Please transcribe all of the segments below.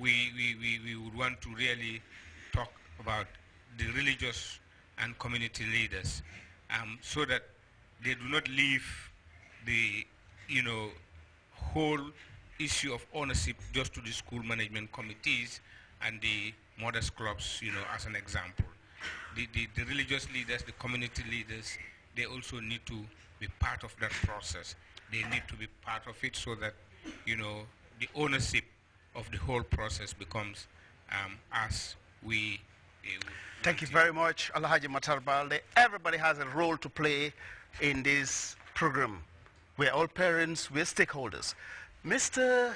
we, we, we, we would want to really talk about the religious and community leaders um, so that they do not leave the, you know, whole issue of ownership just to the school management committees and the mothers clubs, you know, as an example. The, the, the religious leaders, the community leaders, they also need to be part of that process. They need to be part of it so that, you know, the ownership of the whole process becomes um, as we uh, Thank you very much, Alhaji Matar Everybody has a role to play in this program. We're all parents, we're stakeholders. Mr.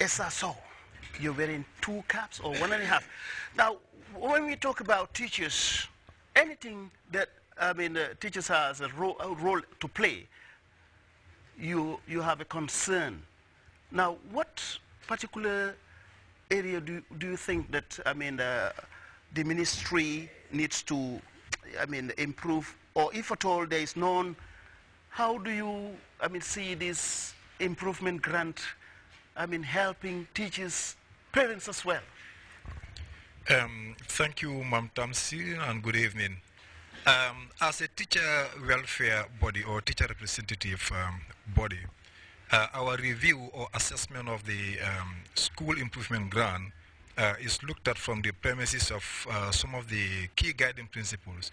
SSO you're wearing two caps or one and a half. Now, when we talk about teachers, anything that, I mean, uh, teachers has a, ro a role to play, you, you have a concern. Now, what particular area do, do you think that, I mean, uh, the ministry needs to, I mean, improve? Or if at all there is none, how do you, I mean, see this improvement grant, I mean, helping teachers, parents as well? Um, thank you, Mam Tamsi, and good evening. Um, as a teacher welfare body or teacher representative um, body, uh, our review or assessment of the um, school improvement grant uh, is looked at from the premises of uh, some of the key guiding principles.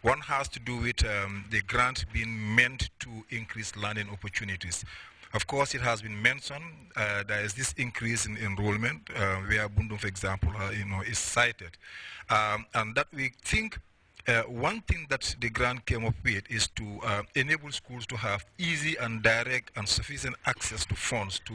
One has to do with um, the grant being meant to increase learning opportunities. Of course, it has been mentioned uh, there is this increase in enrollment, uh, where Bundum, for example, uh, you know, is cited, um, and that we think uh, one thing that the grant came up with is to uh, enable schools to have easy and direct and sufficient access to funds to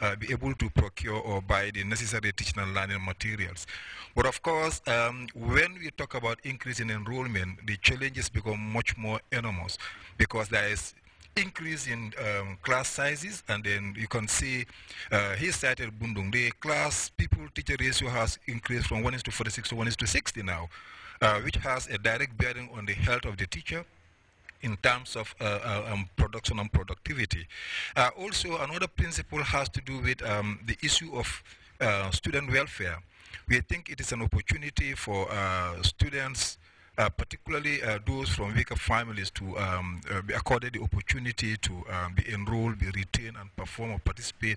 uh, be able to procure or buy the necessary teaching and learning materials. But of course, um, when we talk about increasing enrollment, the challenges become much more enormous because there is increase in um, class sizes and then you can see uh, he cited Bundung. The class people teacher ratio has increased from 1 is to 46 to 1 is to 60 now uh, which has a direct bearing on the health of the teacher in terms of uh, uh, um, production and productivity. Uh, also, another principle has to do with um, the issue of uh, student welfare. We think it is an opportunity for uh, students uh, particularly uh, those from weaker families to um, uh, be accorded the opportunity to um, be enrolled, be retained, and perform or participate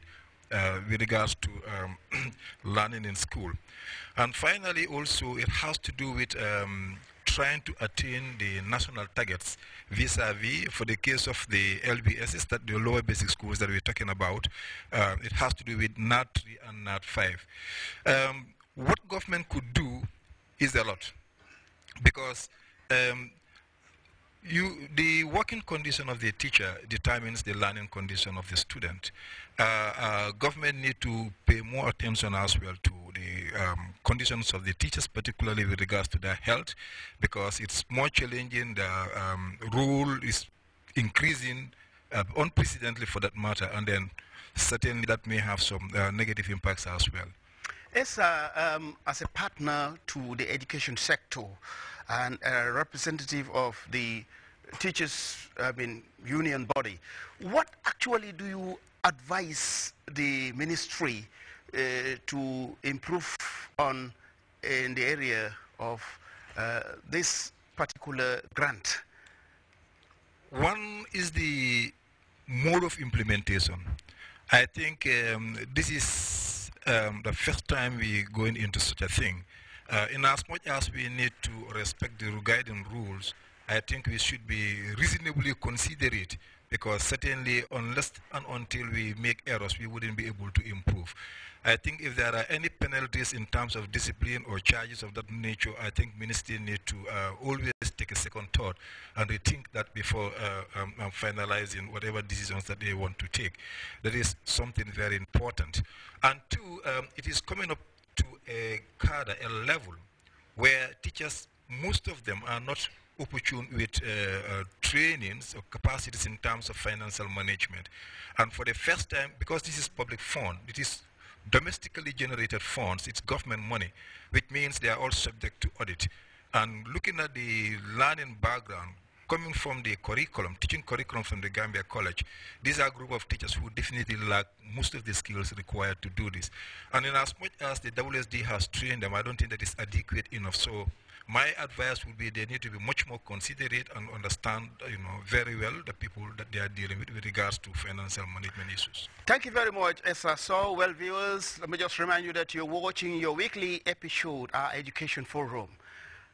uh, with regards to um, learning in school. And finally, also, it has to do with um, trying to attain the national targets vis-a-vis, -vis, for the case of the LBSs, that the lower basic schools that we're talking about, uh, it has to do with NAT 3 and NAT 5. Um, what government could do is a lot, because um, you, the working condition of the teacher determines the learning condition of the student. Uh, uh, government need to pay more attention as well to the um, conditions of the teachers, particularly with regards to their health, because it's more challenging. The um, rule is increasing uh, unprecedentedly for that matter, and then certainly that may have some uh, negative impacts as well um, as a partner to the education sector and a representative of the teachers I mean, union body, what actually do you advise the ministry uh, to improve on in the area of uh, this particular grant? One is the mode of implementation. I think um, this is um, the first time we going into such a thing. Uh, in as much as we need to respect the guiding rules, I think we should be reasonably considerate because certainly unless and until we make errors, we wouldn't be able to improve. I think if there are any penalties in terms of discipline or charges of that nature, I think ministry need to uh, always take a second thought and rethink that before uh, um, um finalizing whatever decisions that they want to take. That is something very important. And two, um, it is coming up to a cadre, a level, where teachers, most of them are not opportune with uh, uh, trainings or capacities in terms of financial management. And for the first time, because this is public fund, it is domestically generated funds, it's government money, which means they are all subject to audit. And looking at the learning background, coming from the curriculum, teaching curriculum from the Gambia College, these are a group of teachers who definitely lack most of the skills required to do this. And in as much as the WSD has trained them, I don't think that is adequate enough. So my advice would be they need to be much more considerate and understand, you know, very well the people that they are dealing with with regards to financial management issues. Thank you very much, Esther. So, well, viewers, let me just remind you that you're watching your weekly episode, our Education Forum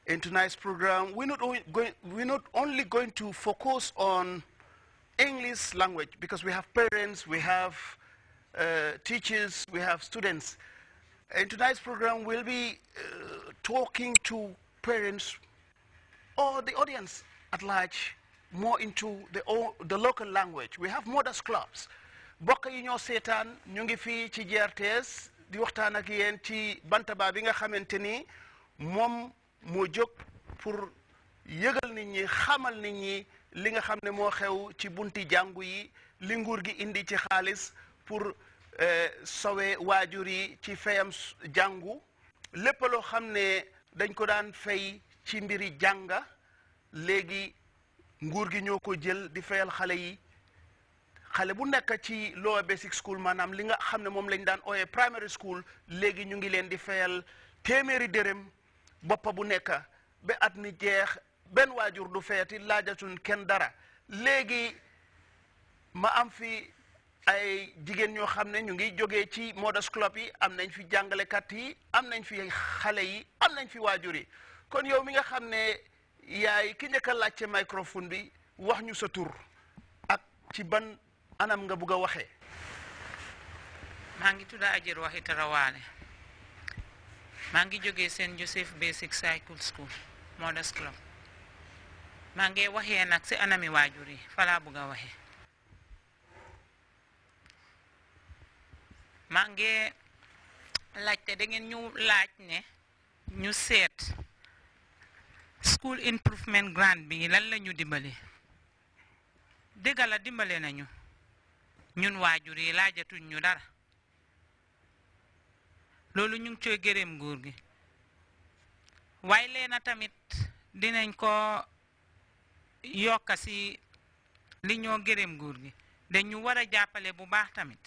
in tonight's program, we're not, going, we're not only going to focus on English language because we have parents, we have uh, teachers, we have students. In tonight's program, we'll be uh, talking to parents or the audience at large more into the, the local language. We have mothers clubs. boka yi setan seetaan ñu ngi fii ci GRTS bantaba moo jóg pour yëgal nit ñi xamal nit ñi li nga xam ne moo xew ci bunti jàngu yi li nguur gi indi ci xaalis pour eh, sowe waajur yi ci fayam jàngu lépp loo xam ne dañ ko daan fay ci mbiri jànga léegi nguur gi ñoo ko jël di fayal xale yi xale bu nekk ci lower basic school maanaam li nga xam ne moom lañ daan ooyee primary school léegi ñu ngi leen di fayal téeméeri dërëm boppa bu nekk ba at mi jeex benn waajur du feeti laajatuñ kenn dara léegi ma am fi ay jigéen ñoo xam ne ñu ngi jóge ci Mothers Club yi am nañ fi jàngalekat yi am nañ fi xale yi am nañ fi waajur yi kon yow mi nga xam ne yaay ki njëkk a laajte microphone bi wax ñu sa tur ak ci ban anam nga bugg a waxee. maa ngi tudd Ajir Waxi Tarawaane. maa ngi jógee Saint Joseph Basic Cycle School Mothers Club maa ngi waxee nag si anami waajur yi falaa bugg a waxee maa ngi laajte dangeen ngeen ñu laaj ne ñu seet school improvement grant bi lan lañu ñu dimbale dimbale nañu ñun waajur yi laajatuñ ñu dara loolu ñu ngi cooy gërëm nguur gi waaye leena tamit dinañ ko yokka si li ñoo gërëm nguur gi dañu war a jàppale bu baax tamit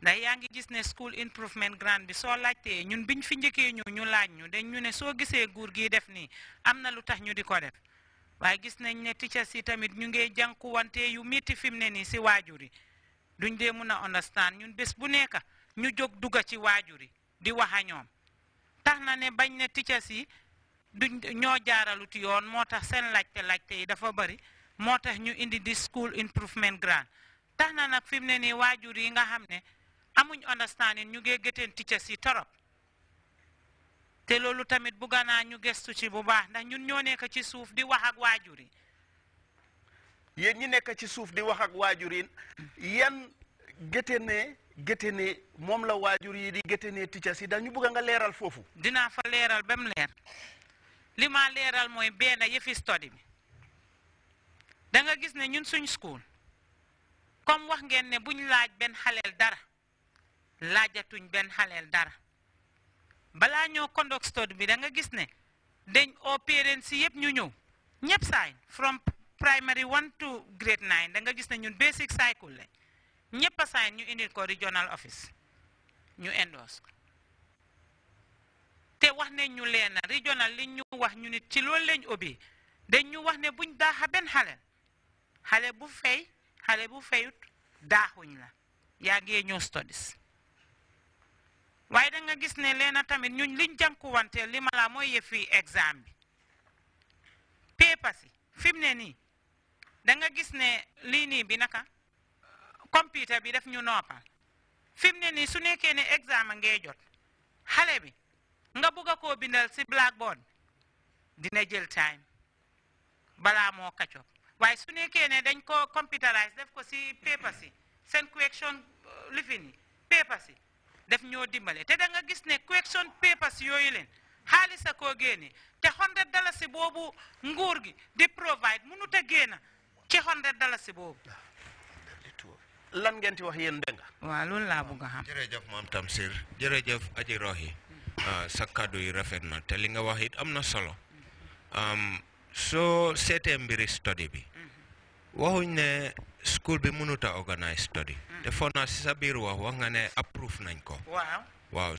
ndax yaa ngi gis ne school improvement grant bi soo laajtee ñun biñ fi njëkkee ñu ñu laaj ñu dañ ñu ne soo gisee guur gi def nii am na lu tax ñu di ko def waaye gis nañ ne teachers yi tamit ñu ngi wante yu métti fi mu ne nii si waajur yi duñ dee mën a understand ñun bés bu nekk ñu jóg dugga ci waajur yi di wax ak ñoom tax na ne bañ ne teachers yi duñ ñoo jaaralut yoon moo tax seen laajte laajte yi dafa bëri moo tax ñu indi di school improvement grant tax na nag fi mu ne nii waajur yi nga xam ne amuñ understanding ñu ngee gëteen teachers yi torop te loolu tamit bu ganaa ñu gestu ci bu baax ndax ñun ñoo nekk ci suuf di wax ak waajur yi yéen ñi nekk ci suuf di wax ak waajur yi yan gétténe gétténe moom la waajur yi di gétténe teachers yi dañu bëgg nga leeral foofu dinaa fa leeral ba mu leer li ma leeral mooy benn yëfi study bi da gis ne ñun suñ school comme wax ngeen ne buñ laaj benn xaleel dara laajatuñ benn xaleel dara balaa ñoo conduct study bi da nga gis ne dañ oo parents yëpp ñu ñëw ñëpp sign from primary one to grade nine da nga gis ne ñun basic cycle lañ ñëpp a ñu indil ko regional office ñu indoos ko te wax ne ñu leena regional li ñu wax ñu nit ci loolu lañ ubbi dañ ñu wax ne buñ daaxa benn xale xale bu fay xale bu fayut daaxuñ la yaa ngee ñëw studies waaye danga gis ne leena tamit ñu liñ jànkuwante li ma laa mooy yëfi exam bi papers yi fi mu ne nii da nga gis ne lii nii bi naka computer bi def ñu noppal fi mu ne nii su nekkee ne examen ngay jot xale bi nga bugg a koo bindal si blackboard dina jël time balaa moo kacop waaye su nekkee ne dañ ko computerize def ko si paper si seen correction euh, lifin yi paper si def ñoo dimbale te danga gis ne correction paper si yooyu leen xaalis a koo génne te hundred dalasi boobu nguur gi di provide mënut a génn ci hundred dalasi boobu lan ngeen ci wax yéen dégg waa waaw loolu laa bëgg a xam. jërëjëf maam Tamsir jërëjëf aji rohi ah, sa kàddu yi rafet na te li nga wax it am na solo soo seetee mbiri study bi waxuñ ne school bi mënut a organise study mm. te foog naa si sa biir wax wax nga ne approve nañ ko. waaw